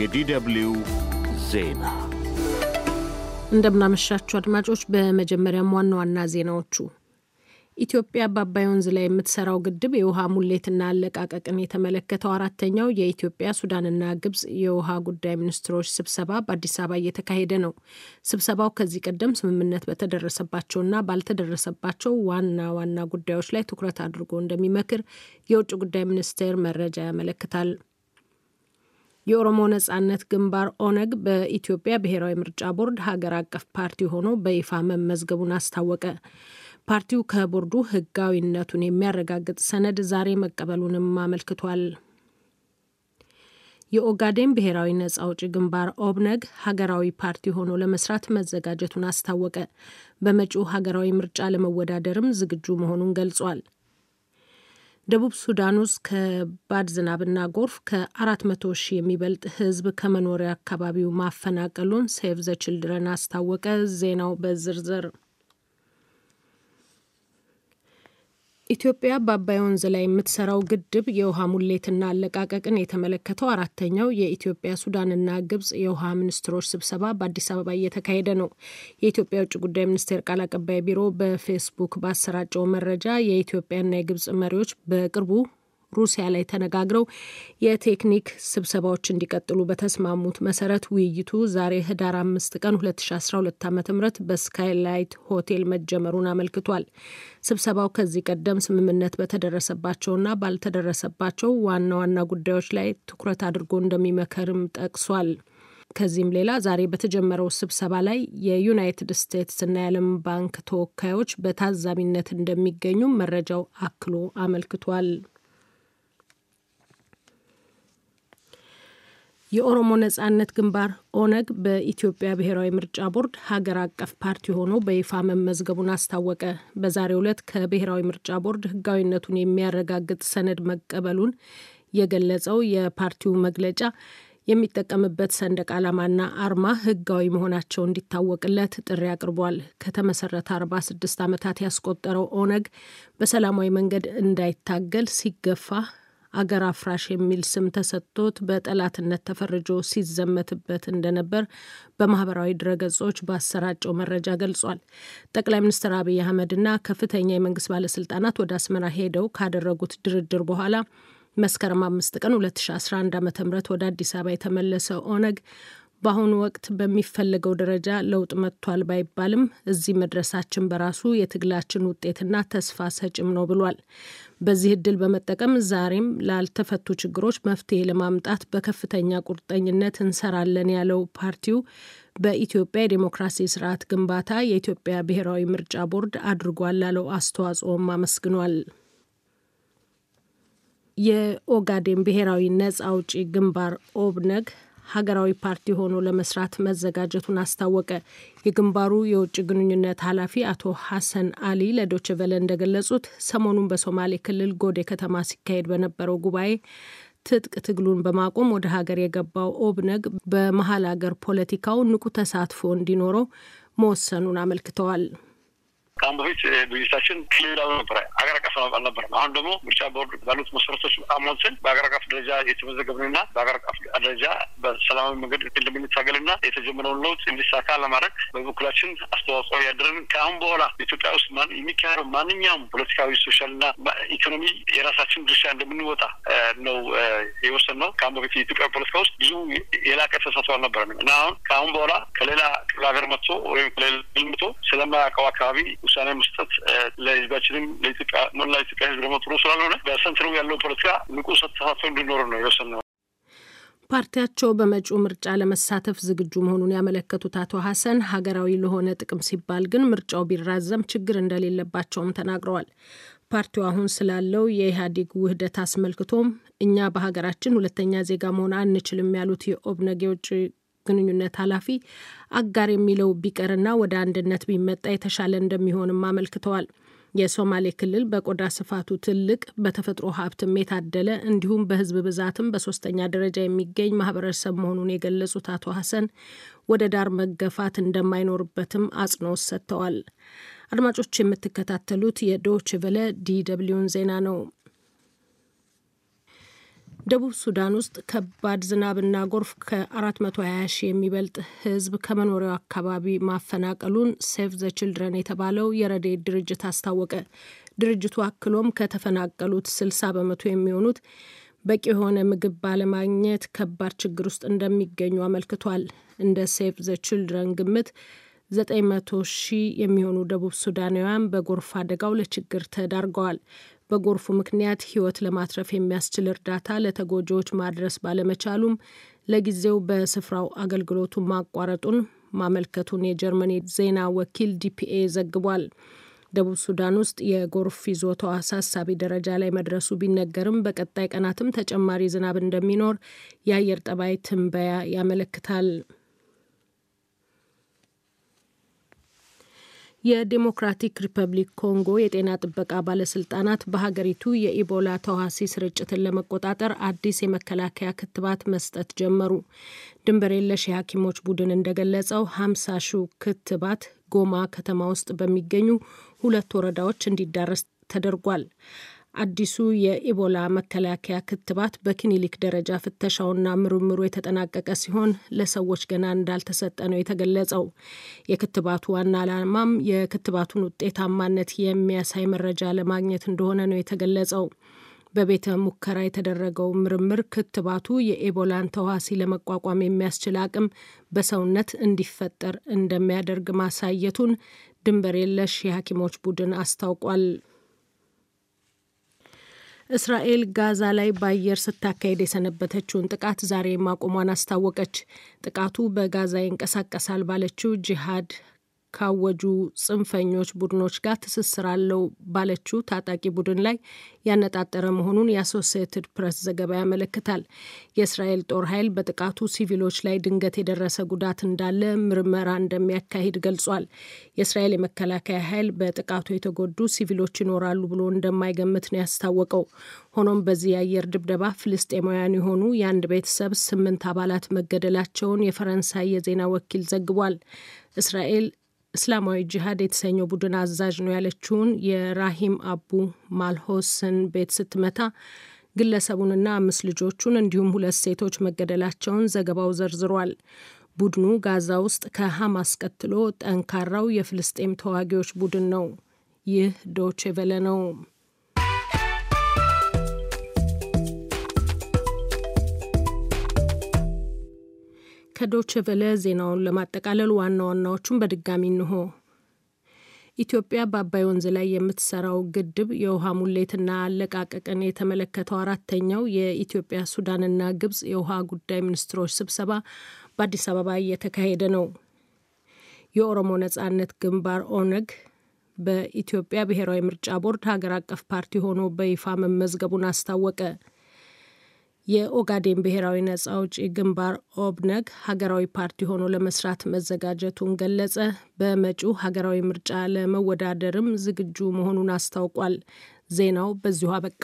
የዲደብሊው ዜና እንደምናመሻችሁ አድማጮች፣ በመጀመሪያም ዋና ዋና ዜናዎቹ ኢትዮጵያ በአባይ ወንዝ ላይ የምትሰራው ግድብ የውሃ ሙሌትና አለቃቀቅን የተመለከተው አራተኛው የኢትዮጵያ ሱዳንና ግብጽ የውሃ ጉዳይ ሚኒስትሮች ስብሰባ በአዲስ አበባ እየተካሄደ ነው። ስብሰባው ከዚህ ቀደም ስምምነት በተደረሰባቸውና ባልተደረሰባቸው ዋና ዋና ጉዳዮች ላይ ትኩረት አድርጎ እንደሚመክር የውጭ ጉዳይ ሚኒስቴር መረጃ ያመለክታል። የኦሮሞ ነጻነት ግንባር ኦነግ በኢትዮጵያ ብሔራዊ ምርጫ ቦርድ ሀገር አቀፍ ፓርቲ ሆኖ በይፋ መመዝገቡን አስታወቀ። ፓርቲው ከቦርዱ ሕጋዊነቱን የሚያረጋግጥ ሰነድ ዛሬ መቀበሉንም አመልክቷል። የኦጋዴን ብሔራዊ ነጻ አውጪ ግንባር ኦብነግ ሀገራዊ ፓርቲ ሆኖ ለመስራት መዘጋጀቱን አስታወቀ። በመጪው ሀገራዊ ምርጫ ለመወዳደርም ዝግጁ መሆኑን ገልጿል። ደቡብ ሱዳን ውስጥ ከባድ ዝናብና ጎርፍ ከ400 ሺህ የሚበልጥ ሕዝብ ከመኖሪያ አካባቢው ማፈናቀሉን ሴቭ ዘ ችልድረን አስታወቀ። ዜናው በዝርዝር ኢትዮጵያ በአባይ ወንዝ ላይ የምትሰራው ግድብ የውሃ ሙሌትና አለቃቀቅን የተመለከተው አራተኛው የኢትዮጵያ ሱዳንና ግብጽ የውሃ ሚኒስትሮች ስብሰባ በአዲስ አበባ እየተካሄደ ነው። የኢትዮጵያ ውጭ ጉዳይ ሚኒስቴር ቃል አቀባይ ቢሮ በፌስቡክ ባሰራጨው መረጃ የኢትዮጵያና የግብጽ መሪዎች በቅርቡ ሩሲያ ላይ ተነጋግረው የቴክኒክ ስብሰባዎች እንዲቀጥሉ በተስማሙት መሰረት ውይይቱ ዛሬ ህዳር አምስት ቀን 2012 ዓ ም በስካይላይት ሆቴል መጀመሩን አመልክቷል። ስብሰባው ከዚህ ቀደም ስምምነት በተደረሰባቸውና ባልተደረሰባቸው ዋና ዋና ጉዳዮች ላይ ትኩረት አድርጎ እንደሚመከርም ጠቅሷል። ከዚህም ሌላ ዛሬ በተጀመረው ስብሰባ ላይ የዩናይትድ ስቴትስ እና የዓለም ባንክ ተወካዮች በታዛቢነት እንደሚገኙ መረጃው አክሎ አመልክቷል። የኦሮሞ ነጻነት ግንባር ኦነግ በኢትዮጵያ ብሔራዊ ምርጫ ቦርድ ሀገር አቀፍ ፓርቲ ሆኖ በይፋ መመዝገቡን አስታወቀ። በዛሬው ዕለት ከብሔራዊ ምርጫ ቦርድ ህጋዊነቱን የሚያረጋግጥ ሰነድ መቀበሉን የገለጸው የፓርቲው መግለጫ የሚጠቀምበት ሰንደቅ ዓላማና አርማ ህጋዊ መሆናቸው እንዲታወቅለት ጥሪ አቅርቧል። ከተመሰረተ 46 ዓመታት ያስቆጠረው ኦነግ በሰላማዊ መንገድ እንዳይታገል ሲገፋ አገር አፍራሽ የሚል ስም ተሰጥቶት በጠላትነት ተፈርጆ ሲዘመትበት እንደነበር በማህበራዊ ድረገጾች ባሰራጨው መረጃ ገልጿል። ጠቅላይ ሚኒስትር አብይ አህመድና ከፍተኛ የመንግስት ባለስልጣናት ወደ አስመራ ሄደው ካደረጉት ድርድር በኋላ መስከረም አምስት ቀን 2011 ዓ ም ወደ አዲስ አበባ የተመለሰ ኦነግ በአሁኑ ወቅት በሚፈለገው ደረጃ ለውጥ መጥቷል ባይባልም እዚህ መድረሳችን በራሱ የትግላችን ውጤትና ተስፋ ሰጭም ነው ብሏል። በዚህ እድል በመጠቀም ዛሬም ላልተፈቱ ችግሮች መፍትሄ ለማምጣት በከፍተኛ ቁርጠኝነት እንሰራለን ያለው ፓርቲው በኢትዮጵያ የዴሞክራሲ ስርዓት ግንባታ የኢትዮጵያ ብሔራዊ ምርጫ ቦርድ አድርጓል ላለው አስተዋጽኦም አመስግኗል። የኦጋዴን ብሔራዊ ነጻ አውጪ ግንባር ኦብነግ ሀገራዊ ፓርቲ ሆኖ ለመስራት መዘጋጀቱን አስታወቀ። የግንባሩ የውጭ ግንኙነት ኃላፊ አቶ ሐሰን አሊ ለዶችቨለ እንደገለጹት ሰሞኑን በሶማሌ ክልል ጎዴ ከተማ ሲካሄድ በነበረው ጉባኤ ትጥቅ ትግሉን በማቆም ወደ ሀገር የገባው ኦብነግ በመሀል ሀገር ፖለቲካው ንቁ ተሳትፎ እንዲኖረው መወሰኑን አመልክተዋል። ከአሁን በፊት ድርጅታችን ክልላዊ ነበረ፣ አገር አቀፍ አልነበረም። አሁን ደግሞ ምርጫ ቦርድ ባሉት መሰረቶች አሟልተን በአገር አቀፍ ደረጃ የተመዘገብንና በአገር አቀፍ ደረጃ በሰላማዊ መንገድ እንደምንታገልና የተጀመረውን ለውጥ እንዲሳካ ለማድረግ በበኩላችን አስተዋጽኦ ያደረን ከአሁን በኋላ ኢትዮጵያ ውስጥ ማን የሚካሄደው ማንኛውም ፖለቲካዊ፣ ሶሻል ሶሻልና ኢኮኖሚ የራሳችን ድርሻ እንደምንወጣ ነው የወሰን ነው። ከአሁን በፊት የኢትዮጵያ ፖለቲካ ውስጥ ብዙ የላቀ ተሳትፎ አልነበረንም እና አሁን ከአሁን በኋላ ከሌላ ክፍለ ሀገር መጥቶ ወይም ከሌላ ልምቶ ስለማያውቀው አካባቢ ውሳኔ መስጠት ለህዝባችንም ለኢትዮጵያ መላ ኢትዮጵያ ህዝብ ደግሞ ጥሩ ስላልሆነ በሰንትሩ ያለው ፖለቲካ ንቁ ተሳትፎ እንዲኖር ነው የወሰነው። ፓርቲያቸው በመጪው ምርጫ ለመሳተፍ ዝግጁ መሆኑን ያመለከቱት አቶ ሀሰን ሀገራዊ ለሆነ ጥቅም ሲባል ግን ምርጫው ቢራዘም ችግር እንደሌለባቸውም ተናግረዋል። ፓርቲው አሁን ስላለው የኢህአዴግ ውህደት አስመልክቶም እኛ በሀገራችን ሁለተኛ ዜጋ መሆን አንችልም ያሉት የኦብነግ የውጭ ግንኙነት ኃላፊ አጋር የሚለው ቢቀርና ወደ አንድነት ቢመጣ የተሻለ እንደሚሆንም አመልክተዋል። የሶማሌ ክልል በቆዳ ስፋቱ ትልቅ በተፈጥሮ ሀብትም የታደለ እንዲሁም በህዝብ ብዛትም በሶስተኛ ደረጃ የሚገኝ ማህበረሰብ መሆኑን የገለጹት አቶ ሀሰን ወደ ዳር መገፋት እንደማይኖርበትም አጽንኦት ሰጥተዋል። አድማጮች የምትከታተሉት የዶች ቨለ ዲ ደብልዩን ዜና ነው። ደቡብ ሱዳን ውስጥ ከባድ ዝናብና ጎርፍ ከ420 ሺህ የሚበልጥ ህዝብ ከመኖሪያው አካባቢ ማፈናቀሉን ሴቭ ዘ ችልድረን የተባለው የረድኤት ድርጅት አስታወቀ። ድርጅቱ አክሎም ከተፈናቀሉት 60 በመቶ የሚሆኑት በቂ የሆነ ምግብ ባለማግኘት ከባድ ችግር ውስጥ እንደሚገኙ አመልክቷል። እንደ ሴቭ ዘ ችልድረን ግምት 900 ሺህ የሚሆኑ ደቡብ ሱዳናውያን በጎርፍ አደጋው ለችግር ተዳርገዋል። በጎርፉ ምክንያት ሕይወት ለማትረፍ የሚያስችል እርዳታ ለተጎጂዎች ማድረስ ባለመቻሉም ለጊዜው በስፍራው አገልግሎቱን ማቋረጡን ማመልከቱን የጀርመኒ ዜና ወኪል ዲፒኤ ዘግቧል። ደቡብ ሱዳን ውስጥ የጎርፍ ይዞታው አሳሳቢ ደረጃ ላይ መድረሱ ቢነገርም በቀጣይ ቀናትም ተጨማሪ ዝናብ እንደሚኖር የአየር ጠባይ ትንበያ ያመለክታል። የዲሞክራቲክ ሪፐብሊክ ኮንጎ የጤና ጥበቃ ባለስልጣናት በሀገሪቱ የኢቦላ ተዋሲ ስርጭትን ለመቆጣጠር አዲስ የመከላከያ ክትባት መስጠት ጀመሩ። ድንበር የለሽ የሐኪሞች ቡድን እንደገለጸው ሀምሳ ሺው ክትባት ጎማ ከተማ ውስጥ በሚገኙ ሁለት ወረዳዎች እንዲዳረስ ተደርጓል። አዲሱ የኢቦላ መከላከያ ክትባት በክሊኒክ ደረጃ ፍተሻውና ምርምሩ የተጠናቀቀ ሲሆን ለሰዎች ገና እንዳልተሰጠ ነው የተገለጸው። የክትባቱ ዋና ዓላማም የክትባቱን ውጤታማነት የሚያሳይ መረጃ ለማግኘት እንደሆነ ነው የተገለጸው። በቤተ ሙከራ የተደረገው ምርምር ክትባቱ የኤቦላን ተዋሲ ለመቋቋም የሚያስችል አቅም በሰውነት እንዲፈጠር እንደሚያደርግ ማሳየቱን ድንበር የለሽ የሐኪሞች ቡድን አስታውቋል። እስራኤል ጋዛ ላይ በአየር ስታካሄድ የሰነበተችውን ጥቃት ዛሬ ማቆሟን አስታወቀች። ጥቃቱ በጋዛ ይንቀሳቀሳል ባለችው ጂሃድ ካወጁ ጽንፈኞች ቡድኖች ጋር ትስስር አለው ባለችው ታጣቂ ቡድን ላይ ያነጣጠረ መሆኑን የአሶሲየትድ ፕሬስ ዘገባ ያመለክታል። የእስራኤል ጦር ኃይል በጥቃቱ ሲቪሎች ላይ ድንገት የደረሰ ጉዳት እንዳለ ምርመራ እንደሚያካሂድ ገልጿል። የእስራኤል የመከላከያ ኃይል በጥቃቱ የተጎዱ ሲቪሎች ይኖራሉ ብሎ እንደማይገምት ነው ያስታወቀው። ሆኖም በዚህ የአየር ድብደባ ፍልስጤማውያን የሆኑ የአንድ ቤተሰብ ስምንት አባላት መገደላቸውን የፈረንሳይ የዜና ወኪል ዘግቧል። እስራኤል እስላማዊ ጅሃድ የተሰኘው ቡድን አዛዥ ነው ያለችውን የራሂም አቡ ማልሆስን ቤት ስትመታ ግለሰቡንና አምስት ልጆቹን እንዲሁም ሁለት ሴቶች መገደላቸውን ዘገባው ዘርዝሯል። ቡድኑ ጋዛ ውስጥ ከሐማስ ቀጥሎ ጠንካራው የፍልስጤም ተዋጊዎች ቡድን ነው። ይህ ዶቼ ቬለ ነው። ከዶች ቨለ ዜናውን ለማጠቃለል ዋና ዋናዎቹን በድጋሚ እንሆ። ኢትዮጵያ በአባይ ወንዝ ላይ የምትሰራው ግድብ የውሃ ሙሌትና አለቃቀቅን የተመለከተው አራተኛው የኢትዮጵያ ሱዳንና ግብጽ የውሃ ጉዳይ ሚኒስትሮች ስብሰባ በአዲስ አበባ እየተካሄደ ነው። የኦሮሞ ነጻነት ግንባር ኦነግ በኢትዮጵያ ብሔራዊ ምርጫ ቦርድ ሀገር አቀፍ ፓርቲ ሆኖ በይፋ መመዝገቡን አስታወቀ። የኦጋዴን ብሔራዊ ነጻ አውጪ ግንባር ኦብነግ ሀገራዊ ፓርቲ ሆኖ ለመስራት መዘጋጀቱን ገለጸ። በመጪው ሀገራዊ ምርጫ ለመወዳደርም ዝግጁ መሆኑን አስታውቋል። ዜናው በዚሁ አበቃ።